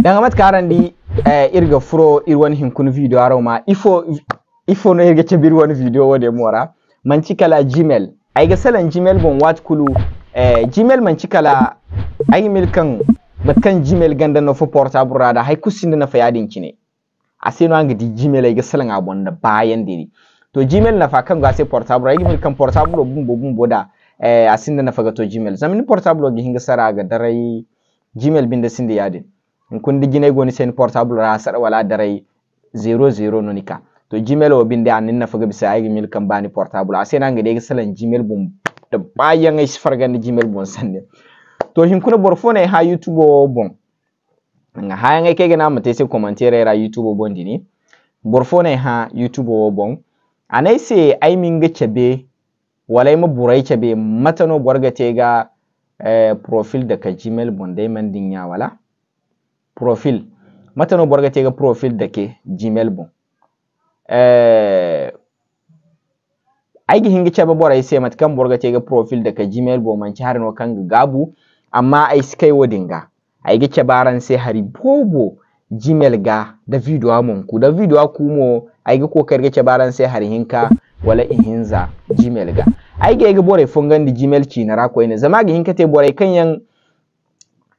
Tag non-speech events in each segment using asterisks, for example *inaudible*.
Dan dangamat di eh, irga furo irwan hinkun video aro ma ifo ifo no irga cebir wani video wode mora manci kala gmail ga salan gmail bon wat kulu eh, gmail manci kala ai kan batkan gmail ganda no fo portable rada hay kusinda na fayadin kine asino anga di gmail ga salan abon da bayan diri to gmail na fa kan sai portable ai kan portable bumbo bumbo da eh, asinda na faga to gmail zamin portable gi hinga sara ga darai gmail bin da sindi yadin kundi jinay goni sen portable ra sar wala daray 00 nonika to gmail o binde an nina faga bisa ay gmail kan bani portable asena sai de salan gmail bum da bayan ay fargan gmail bum sanne to hin kuna borfone ha youtube o bon nga ha ngay kege na mate se commentaire ra youtube o bon dini borfone ha youtube o bon anai se ay min ga chabe walai mu burai chabe matano borga ga eh, profile daga gmail bon dai man din ya wala profil mata no borga tega profil dake gmail bon eh aigi hingi chaba bora ise mat kan borga tega profil dake gmail bon manci har no kan gabu amma ai skai wodinga aigi baran sai hari bobo gmail ga da video amon ku da video ku mo aigi kokar ga baran sai hari hinka wala ihinza gmail ga aigi ga bora da gmail ci na rako ina zama ga hinka te bora kan yan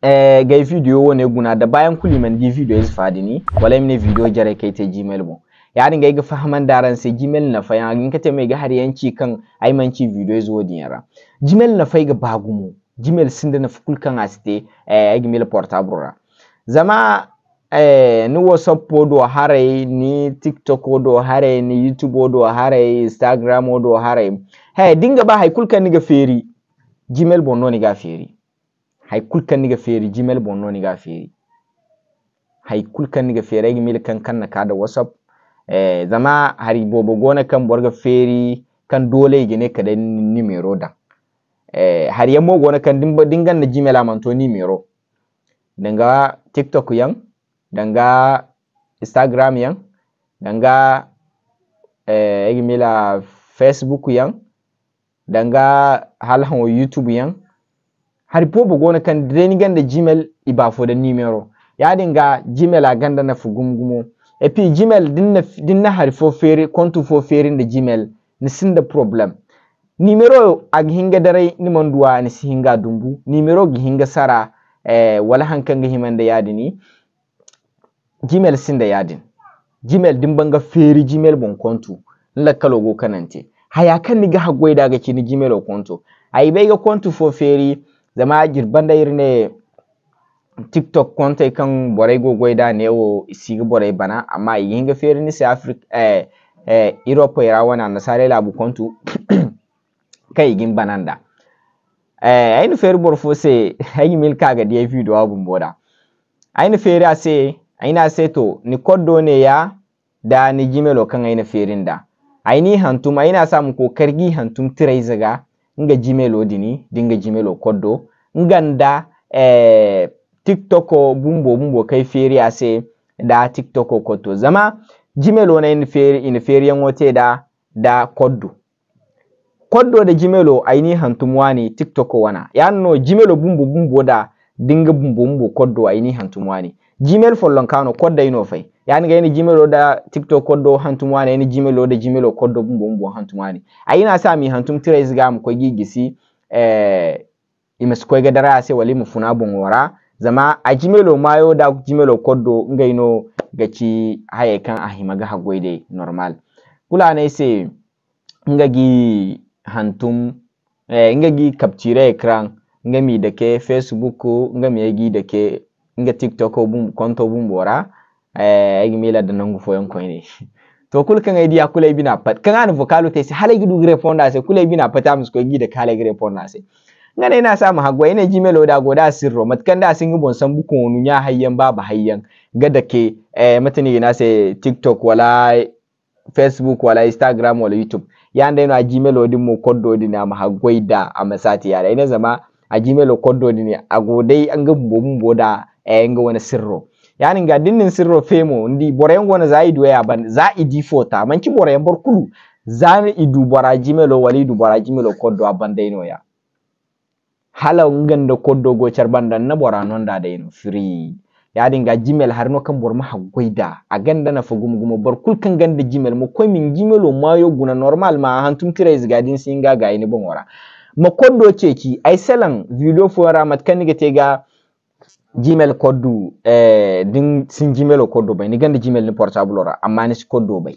eh, ga video wone guna da bayan kuliman di video is ni wala imne video jare kai te gmail mo yarin ga ga fahiman daran sai gmail na fa yan kate mai ga har yanci kan manci video is wodi yara gmail na fai ga bagumo gmail sun da na fukul kan asite eh, gmail portable ra zama eh, ni whatsapp do hare ni tiktok do hare ni youtube do hare instagram do hare hey dinga ba haikul kan ni ga feri gmail bonno ni ga feri hay kulkan niga feri gmail bonno niga feri hay kulkan niga feri gmail kan kan na kada whatsapp eh, zama hari bobo gona kan borga feri kan dole gine da numero da eh, hari yamo gona kan dimba dingan na gmail amanto numero danga tiktok yan danga instagram yan danga eh, gmail facebook yan danga halhan youtube yan hari bu gona kan dreni ganda gmail iba fo da numero yadin ga gmail a ganda na fugumgumo epi gmail dinna dinna hari fo fere kontu fo fere da gmail ni sin da problem numero a hinga dare ni manduwa ni si hinga dumbu numero gi hinga sara eh, wala hankan ga himanda yadini gmail sin da yadin gmail din banga feri gmail bon kontu la kalogo kanante haya kan ni ga hagwai daga kini gmail kontu ai bai ga kontu fo feri zama jirban da irne tiktok konta kan borai gogoi da ne wo isigi borai bana amma yinga feri ni se africa eh eh europe ya e wana sare labu kontu *clears throat* kai igin bananda eh ainu fere bor fo se ayi *laughs* mil kaga die video abun boda ainu feri ase aina se to ni koddo ne ya da ni jimelo kan aina ferin da aini hantum aina samu ko kargi hantum tirai zaga nga gmail o dini dinga gmail o koddo nganda eh, tiktok o bumbo bumbo kai feri ase da tiktok o koddo zama gmail o na in feri in feri wote da da koddo koddo da gmail o aini hantumwa wani tiktok o wana yanno gmail o bumbo bumbo da dinga bumbo bumbo koddo aini hantumwa wani. gmail follon kano kodda ino fay yani ga yani gmail da tiktok koddo hantum wani yani gmail da gmail o koddo bumbu bumbo hantum wani ayina sa mi hantum trace ga mu ko gigisi eh imes ko ga dara se wali mu funa bun wara zama a gmail o mayo da gmail o koddo ino gaci haye kan ahima ga hagoide normal kula ne sai ngagi hantum eh ngagi capture ekran ngami da ke facebook ngami yagi da ke nga tiktok o bum konto bum bora eh ay mila da nangu foyon ne. to kul kan idea kula bina pat kan an vocalo te si hala gidu responda se kula bina pata mus ko gida kala gi responda se ngana ina samu hagwa ina gmail oda goda sirro matkan da sun yi bon san buku wonu nya hayyan baba hayyan ga da ke eh matani ina se tiktok wala facebook wala instagram wala youtube yanda ina gmail odin mu koddo dina mu hagwai da a masati yara ina zama A agime lo koddode ni an ga bumbo bumbo da yan e, ga wani sirro yani ga dinnin sirro femo ndi boren wona zai duya ban zai di fota ki borayen bar kulu zani idu borajime lo walidu a ban dai abandaino ya hala nganda koddo go charbandan na bora non da daino free yadin ga gmail har no kan bor ma hagoida a ganda na fugum gumo bar kul kan ganda gmail mo ko min gmail ma yo guna normal ma han tira is gadin singa ga ini bon wara mo ce ki ai selan video ramat kan kaniga tega gmail koddu eh din sin gmail kodu bai, ni ganda gmail ni portable ra, amma ni koddo bai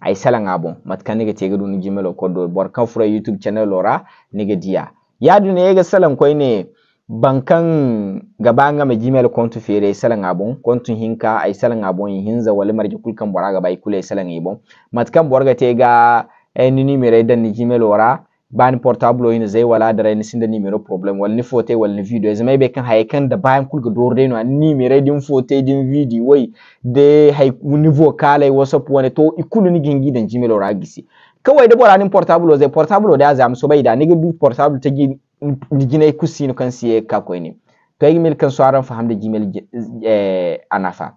ai selan abon mat kaniga tega dun gmail kodu bor kan fura youtube channel ora niga diya yadu ne ga selan koy ne bankan gaba nga ma gmail kontu fere selan abon kontu hinka ai selan abon hinza wala marje kulkan bora gaba ay kule selan ibon mat kan ga tega ai eh, ni mere dan ni gmail ra bani portable ina zai wala da raini sinda numero problem wal ni fote wal ni video zama be kan hay kan da bayan kulga dor dai no ni mere din fote din video wai de hay ni vocale whatsapp wani to ikunu ni gingi dan jimelo ragisi kawai da bora ni portable zai portable da zam so bai da ni gudu portable ta gi ni gine kusi no kan siye ka ko ni to yi mil kan suaran faham da gmail eh anafa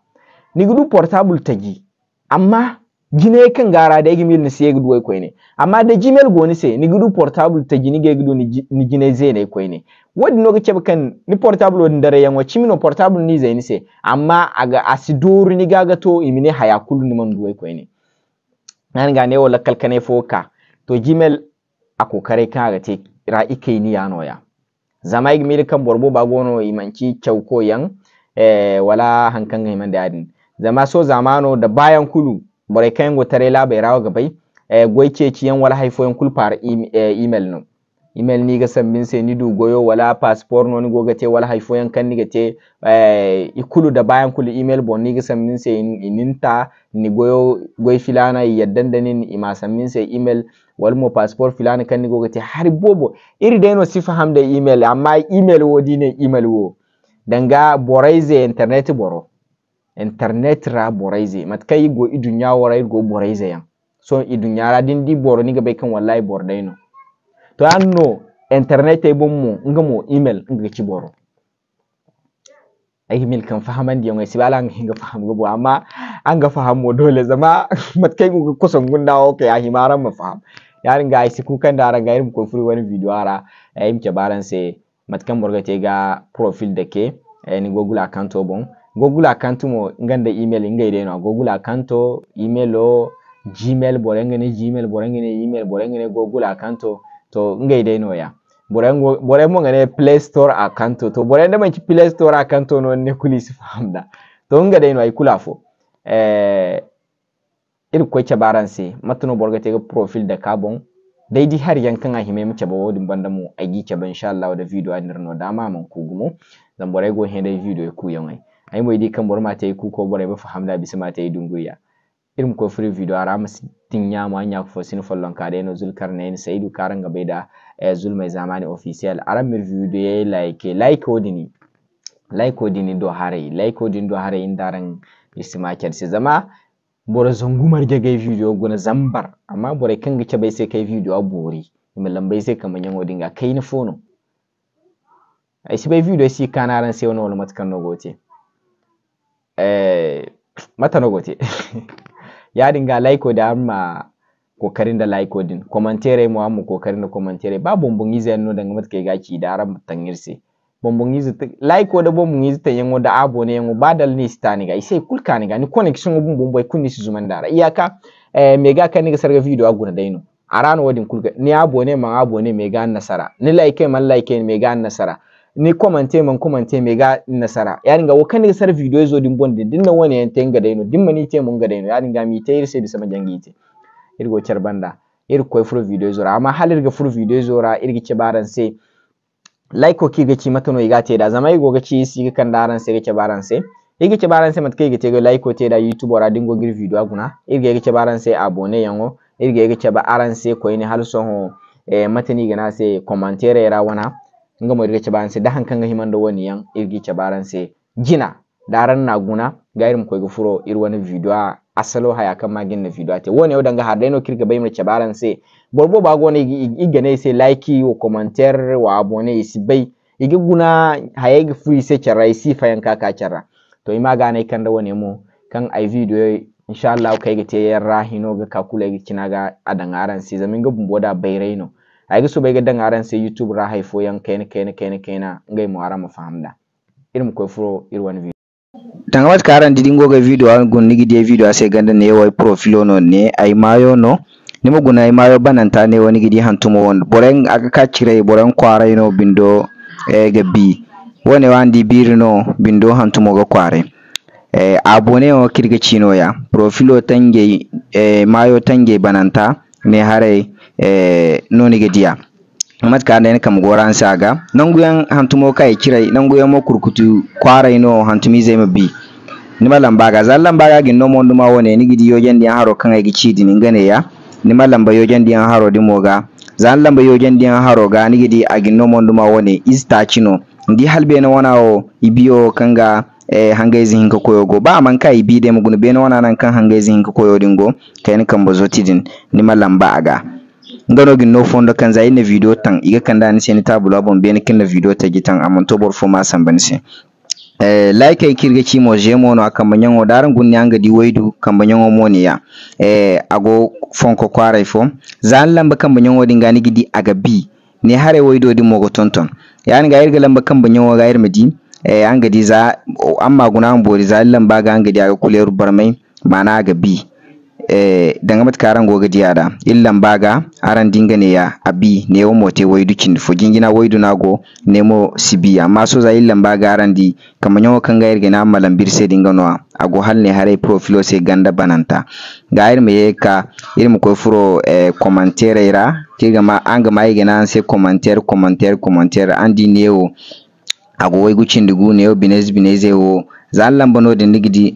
ni gudu portable ta gi amma Gine kan gara da email ni se gudu koy ne amma da gmail go ni ni gudu portable ta jini ge gudu ni jine zai ne koy ne wadi no ke kan ni portable wadi dare yanwa chimino portable ni ze ni se amma aga asiduru ni gaga to imine haya kullu ni man duwai koy ne nan ga ne wala kalkane foka to gmail a kokare kan ga te ra ikai ni ya noya zama email kan borbo ba gono imanci chauko yan eh wala hankan ga iman da adin zama so zamano da bayan kulu bore kayan tare la bai rawa gabai eh, e goyce eh, ci yan wala yan kulfar email no email ni ga min sai ni du goyo wala passport no ni go gate wala yan kan ni gate eh ikulu da bayan kulu email bon ni ga san min sai ininta ni goyo goy filana yaddan da ni ima min sai email wal mo passport filana kan ni go gate har bobo iri da no sifa ham da email amma email wo dine email wo danga borai ze internet boro Internet ra boraize mat kai go i dunya waray go boraize yan so i ra din di boro ni gabe kan wallahi no to anno internet ay nga mo email nga ci boro ai email kan fahaman di ngai sibala nga hinga faham go amma an ga faham mo dole zama *laughs* mat kai go kusan o kai a himaran ma faham yarin ga isi kukan da ran ga irin ko furi wani video ara ay imke balance mat kan borga te ga profile da ke eh, ni google account obon google account mo ngande email ngeyɗeno google account o email o gmail bora ngene gmail bora ngene email bora ngene google account o to ngeyɗenoya bora mo ngene play store account to to bora ci play store account no noon ne su famda to no ay kula fo eh, iri koy cabaranse mattuno borgatego profil de carbon daidai har yankan a hime mu caba wadin banda mu a gi caba insha Allah da video a nirno dama man kugumo zan borai go hen da video ku yawai. ai ay dikan bar mata ku ko bare ba fahamda bisa yi dunguya irin ko free video ara musu tinya ma anya ko sin follon ka dai no zulkarnain saidu ga bai da eh, zul mai zamani official ara mir video ya like like odini like odini do hare like odini do hare in daran istimakel sai zama bore zangumar ga gai video guna zambar amma bore kan ga bai sai kai video abori milan bai sai kaman yan odinga kai ni fono ai sai bai video shi kanaran sai wani wani matkan gote Eh, matanogote *laughs* laiko da an ma kokarin laiko din commentaire mu an kokarin da commentaire ba bonbon ize anno danga matke ga ki da aran tangirse bonbon izi laiko da bonbon izi ta yango da abo ne yango badal ni stani ga isai ni ga ni connection bun bonbon e kun su zuman dara iyaka eh me ga kan ni ga sarga video aguna daino arano wadin kulka ni abo ne ma abo ne me ga nasara ni laike man like me ga nasara ni komante man komante me ga nasara yani ga wakan sar video zo din bonde din na wani yan tenga dai no din mani te mun ga dai no ya ringa mi te irse bisa majangi te irgo charbanda ir koy fur video zo amma halir ga fur video zo ra irgi ce baran sai like ko ki ga ci mata no iga te da zama igo ga ci si ga kan daran sai ga ce baran sai igi ce baran sai matkai ga te ga like ko te da youtube ra dingo gir video aguna irge ga ce baran sai abone yango irge ga ce ba aran sai koy eh, ni hal son ho eh matani ga na sai commentaire ra wana nga mo irgeche baranse da hankan ga himanda wani yang baran se gina daran na guna ga irin koy gufuro ir video asalo haya kan magin na video te woni yau danga harda kirga bayim baran se borbo ba gona igane se like wo commenter wa abone isi bay igi guna haya gi fu ise charra isi fayan kaka chara to ima gane kan da wani kan ai video insha Allah kai ga te rahino ga kakula ga kinaga aran se zamin ga bumboda bayraino ay gusu bay gadan aran se youtube ra hay fo yan ken ken ken kena ngai mu ara mu fahamda irin ko furo irwan video tangamat karan didingo ga video an gunnigi de video ase ganda ne way profilo no ne ay mayo no nima guna ima yo bananta ne wani gidi hantumo won boren aga ka cire boren kwara ino bindo eh, e ga bi wone wandi biri bindo hantumo ga kware e eh, abone o kirga chino ya profilo tange e eh, mayo tange bananta ne hare Eh, no niga diya matuka andene kam goran an saga nanguyan hantumo kai kirai nanguyan mo kurkutu kwarai no hantumi zai ni nima baga zallan baga gin no mondu ma wone ni gidi yojen di haro kan ai gici din ngane ya nima lamba yojen di haro di moga zallan lamba yojen di haro ga gidi a gin no mondu ma wone ista chino ndi halbe na wana o ibiyo kanga eh, ka hinka koyogo ba man ka ibi de mugunu be na wana nan kan hangaizi hinka kai ni kan bozo ni nima lamba aga no nofondo kan za ina video tan iga kan da ni seni tabula bon beni kinna video ta gitan amon to bor fo san ban se eh like ay e kirga ci mo jemo no aka manyango daran gunni anga di waidu kan manyango ya eh ago fonko kwarai e fo zan lamba kan manyango dingani gidi aga bi ne hare waido di mogo tonton yani ga irga lamba kan banyango ga irma di eh anga di za amma guna an bori za lamba ga anga di aga kuleru barmai mana aga bi Eh, dangamat karan goga diada illan baga aran dinga ne ya abi ne wo mote wo dukin fo jingina wo nago nemo sibi amma so za illan baga aran di kamanyo kan gair gena malam birse dinga no ago hal ne hare profilo se ganda bananta gair me ye ka irin ko furo eh, commentaire ira kiga ma anga mai gena se komantere komantere An andi ne wo ago wo gucin dugu ne wo binez bineze wo za allan bano da nigidi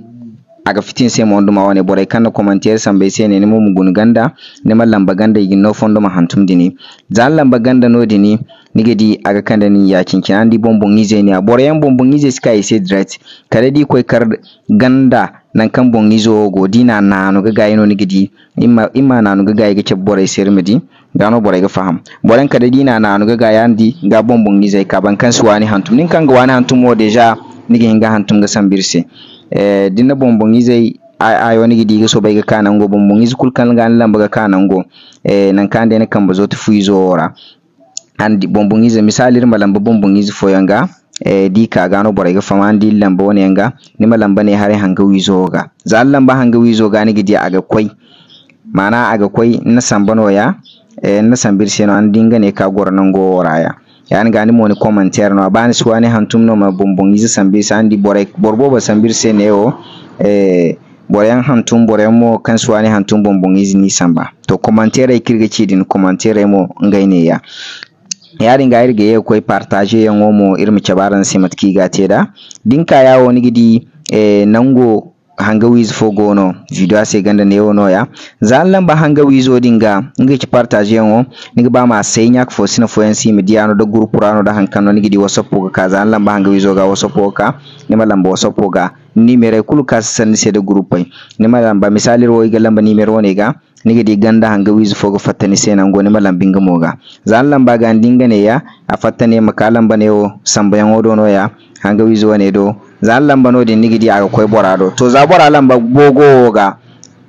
aga fitin sai mo nduma wane borai kan commentaire sambe sai ne mu mugun ganda ne ma lamba ganda yi no fondo ma hantum dini zan lamba ganda no dini nige di aga da ni ya kinkin andi bombon ize ni a borai an bombon ize yi sai direct kare di koi kar ganda nan kan bon izo go dina na no ga gayino nige di imma imma na no ga gayi ga ce boray sermidi gano borai ga faham boran kare di na na anu ga di ga bombon izai ka ban su wani hantum nin kan ga wani hantum mo deja nigin ga hantum ga sambirse eh dina bombonizei ai wani gidi ga so bai ga kanango bomboniz kul kan ga lamba ga kanango eh nan kan da ne kan bazo fuyi fuizo ora andi bomboniz misali rin malamba bomboniz foyanga eh di ka gano borai ga faman di lamba wani yanga ni malamba ne hare hanga zo ga za lamba hanga zo ga ni gidi ga kwai mana ga kwai na sambano ya eh na sambir seno an dinga ne ka gornan go raya yani gani moni commentaire no su wani hantum no ma bumbung izi sambi sandi borek borbo ba sambir se neo eh boren hantum boren mo kan wani hantum bumbung yi ni samba to commentaire kirga din commentaire mo ne ya yarin ga irge ye koy partage yan wo mo irmi cabaran simat ki ga teda dinka yawo gidi eh nango hanga wiz gono video ase ganda ne wono ya zalla ba hanga wiz odinga ngi ci partage ngo ngi ba ma sey nyak fo sina fo ensi media no do groupe rano da hankano ngi di whatsapp ga ka zalla ba hanga wiz ga whatsapp ka ni malam ba whatsapp ga ni mere kul ka san se de groupe ni malam ba misali ro ga lamba ni mere woni ga ngi di ganda hanga wizu fogo fattani sena ngoni malam binga mo ga zalla ba ga ndinga ne ya a makalam ba ne o sambayan odono ya hanga wizu wane do za lamba no din nigidi aga koy bora do to za bora lamba bogo ga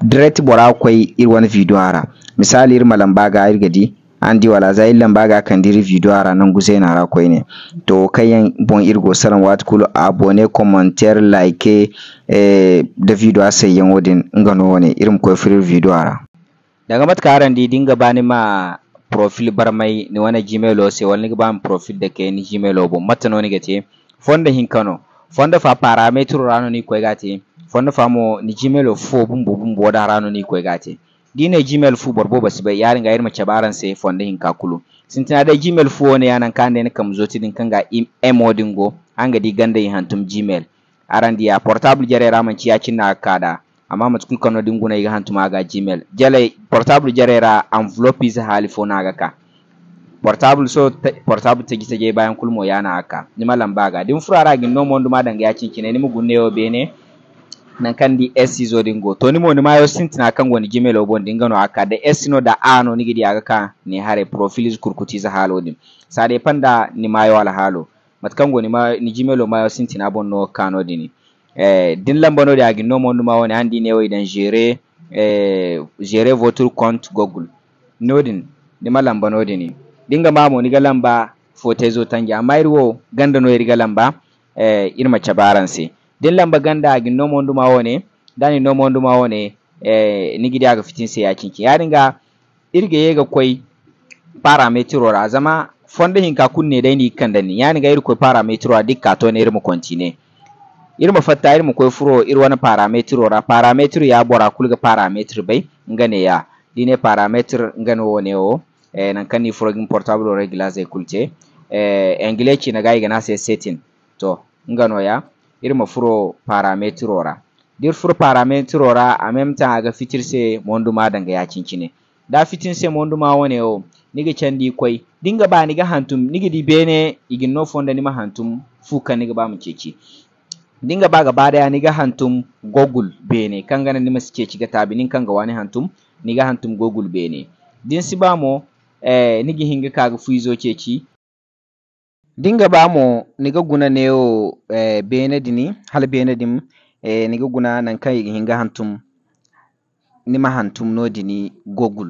direct bora koy ir wani video ara misali ir malamba ga ir gadi andi wala za ir lamba ga kan diri video ara nan guze na ra koy ne to yan bon ir go saran wat kulu abone commentaire like eh da video sai yan wodin ngano wani irin koy free video ara daga matkaran di dinga bani ma profil barmai ni wani gmail o sai wani ga ban profil da ke ni gmail o bo matano ni gace fonda hinkano fonda fa parametro rano ni fonda fa mo ni gmail fo bumbo bumbo wada rano ni gati dine gmail fu borbo basibe yarin ga irma chabaran se fonda hin kakulu sintina da gmail fu woni yanan kande ne kam zoti din kanga emo dingo anga di ganda yi hantum gmail arandi ya portable jare raman cin na kada amma matukul kano dinguna yi hantum aga gmail jale portable jare ra envelope is halifo ga ka portable so portable tegi tege bayan kulmo yana aka ni malam baga din furara gin no mondu madan ga yakin kine ni mugun ne bene nan kan di SC zo din go to ni mo ni mayo sinti na kan woni gmail obon din gano aka da SC no da A no ni gidi aga ka ni hare profiles kurkuti za halo din sade panda ni mayo ala halo matkan go ni ma ni gmail ma sinti na bon no kano din eh din lambano da gin no mondu ma woni handi ne wai dan jere eh jere votre compte google nodin ni malam banodin ni dinga mu niga lamba zo tangi amma irwo ganda no iriga e lamba eh, irma si din lamba ganda agi no mondu wone dani no mondu wone eh, nigidi aga fitin sai yakinki yaringa irge yega koi parametro ra zama fonde hinka kunne dai ni kan dani yani ga irko parametro a dikka to ne irmu kontine irma fatta irmu koi furo ir wani parametro ra parametro ya bora kulga parametro bai ngane ya dine parametro ngane wone o e, nan kanni frogin portable ore glass e kulche e, eh, angle chi na gai gana se setting to ngano ya irma furo parameter ora dir furo parameter ora a memta ga fitir se mondu ma danga ya cincine da fitin se mondu ma wane o niga candi kwai dinga ba niga hantum niga di bene igin fonda ma hantum fuka niga ba mu ceci dinga ba gaba daya niga hantum google bene kangana nima su ceci ga tabi nin kanga wani hantum niga hantum google bene din si ba mo Eh, nigi hingi kaga fuizo ceci dinga bamo niga guna neo eh, bene dini hal bene dim eh, niga guna nan kan hinga hantum nima hantum no dini google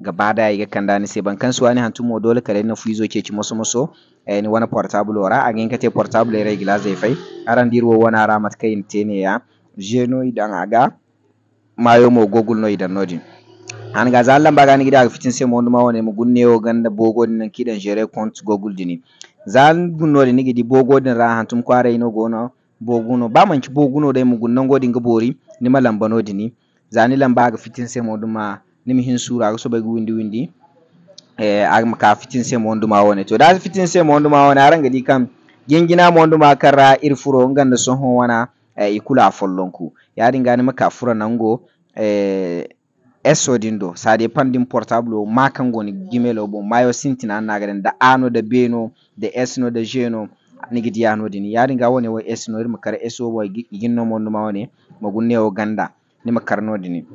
gaba da yiga kanda ni sai ban kansu ni hantum mo dole kare na fuizo ceci moso moso eh, ni wana portable ora agin kate portable rai gila zai fai aran dirwo arama ramat kai tene ya jeno idan aga mayo mo google no idan nodin an ga zallan ba gani gida ga fitin mu mo ma wane mu gunne o ganda bogo din kidan jere kont gogul dini zan gunno de nigi di bogo din ra hantum kware ino gono boguno ba manci boguno dai mu gunnan godin ga bori ni ma lambano dini zani lamba ga fitin sai mo ma ni mi hin sura ga so ba windi windi eh ag ka fitin mu mo ma wane, to da fitin mu mo ma woni aranga di kam gingina mo ma karra irfuro ganda son ho wana eh, ikula follonku dinga ni maka fura nango eh do sa pan din portable o ma kan goni gimelo bo mayo sintina garen da ano da beno da esno da jeno din yanodini ga woni wai esno irma kara eso bo no mon numa woni magunne o ganda ni nima din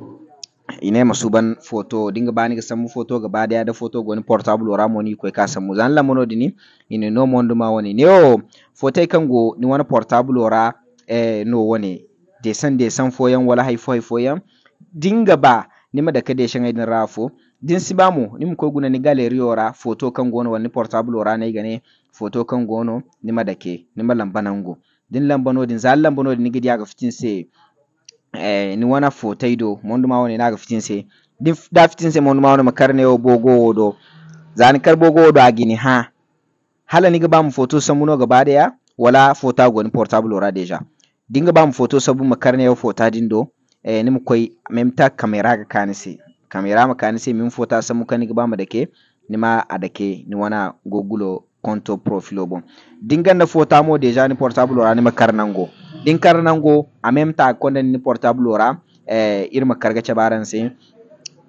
ine masuban foto dinga bani ga samu foto gaba ba da foto goni portable ora moni ko ka samu zan la mono din ine no mon ma woni ne o foto kango ni wani portable ra eh no woni desan desan foyan wala foy foyan dinga ba da nimada kede shengaidin rafo din Ni mu ko guna ni galeri ora foto kan gono wani portable ora ne gane foto kan gono da ke nima lambanango din lamba no din lamba no din gidi aga fitin se eh ni wana fotai do mondu ma woni na fitin se din da fitin se mondu ma woni makarne yo bogo wodo zani kar bogo wodo agini ha hala ni gaba mu foto samuno gaba daya wala foto goni portable ora deja dinga ba mu foto sabu makarne yo foto din do eh, nim koy mem ta kamera ga kanisi kamera ma kanisi min fota samu kani ba ma dake ni ma a dake ni wana gogulo konto profilo bon dingan na fota mo deja ni portable ora ni ma karnango din karnango a mem ta konda ni portable ora eh, irma karga cabaran sai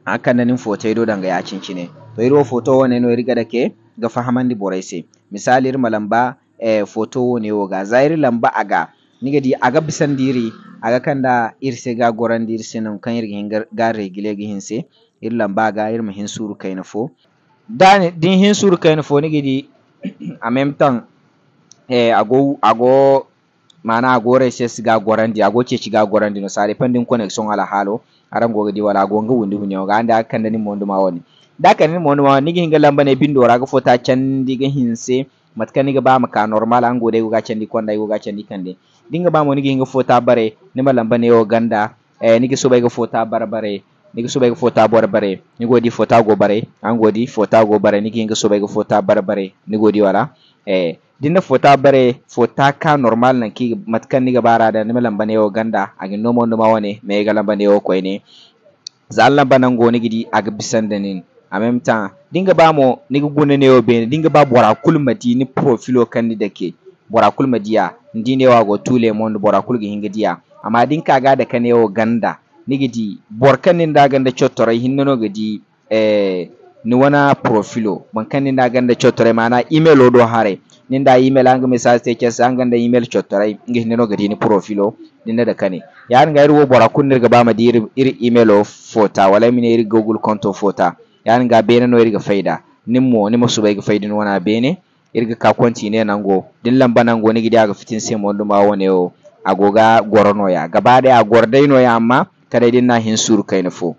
hakan na nin foto ido danga ya cincine to iro foto wane no riga dake ga fahamandi borai sai misali irma lamba eh, foto wone wo ga zairi lamba aga niga di aga bisandiri aga kanda irse ga gorandir sinam kan irga hin ga regile ga hinse ir lamba ga ir mahin suru kaina fo dani din hin suru kaina fo niga di *clears throat* a mem tan eh ago ago mana ago rese ga gorandi ago ce ci ga gorandi no sare pandin connection ala halo aran goga di wala gonga wundi hunyo ga anda kan da ni mondu ma woni da kan ni mondu ma woni hin ga lamba ne bindo raga ta can diga hinse matkani ga ba maka normal an gode go ga can di konda go ga can di kande dinga ba mo nigi hinga fota bare ni malamba ne yo ganda eh nigi suba ga fota bare bare nigi suba ga fota bor bare ni godi fota go bare an godi fota go bare nigi hinga suba ga fota bare bare ni godi wala eh dinna fota bare fota ka normal nan ki matkan niga bara da ni malamba ne yo ganda agin nomo ma wane me ga lamba ne yo ko ne za lamba nan go nigi di aga bisan da nin en même temps dinga ba nigi gune ne yo be dinga ba bora kulmati ni profilo kan ni dake borakul madiya ndinewa go tule mon borakul gi diya? amma din ga da kanewo ganda nigidi nin da ganda chotore hinnono gidi eh ni wana profilo nin da ganda chotore mana email odo hare da email anga message te kesa anga da email chotore ngi hinnono gidi ni profilo Nin da kane yan ga irwo borakul nirga ba ma dir ir email fota wala mine ir google konto fota yan ga bena no ga faida nimmo nimo subai ga faidin wana bene irga din nango nan nango ne gidi aga fitin sai mondu duma wone o agoga ya gaba no ya amma kada din na hinsuru kai fo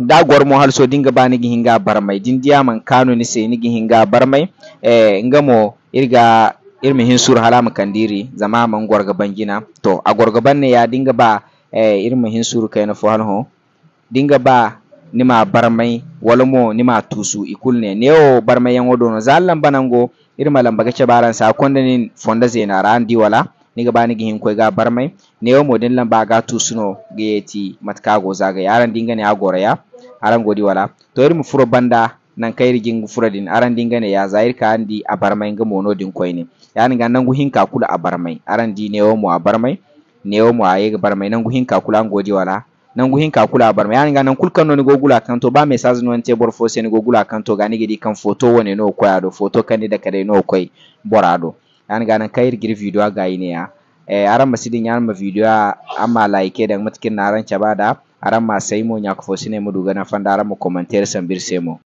da gor mo hal so dinga ba nigi hinga barmai din diya man kano ni sai ni nigi hinga barmai eh ngamo irga irmi hin hinsur halama kandiri zama man gorga bangina to a ban ne ya dinga ba eh irmi hinsur kai na fuhan ho dinga ba nima barmai walmo nima tusu ikulne neo barmai yango dono zallan banango irma lamba gace baran sa konda nin fonda zena randi wala niga bani gihin koy ga barmai neo modin lamba ga tusuno gayeti matkago zaga yaran a agora ya aran godi wala to mu furo banda nan kai rigin furadin aran ne ya zair ka andi a barmai ga mono din koy ne yani ga nan guhin ka kula a barmai aran di neo mu a barmai neo mu aye ga barmai nan guhin ka kula an godi wala Nan guhin ka kula barma mai ga nan kulkan no ni gogula kan kanto ba mai sazu no te bor fose ni gogula kan to ga ni gidi kan foto wane no koya do foto kan ni da kare no koy borado an ga nan kayir gir video ga ine ya eh aran masidin yan ma video amma like da matkin naran bada aran ma sai mo nya ko fose ne mu duga na fanda aran mu commentaire bir semo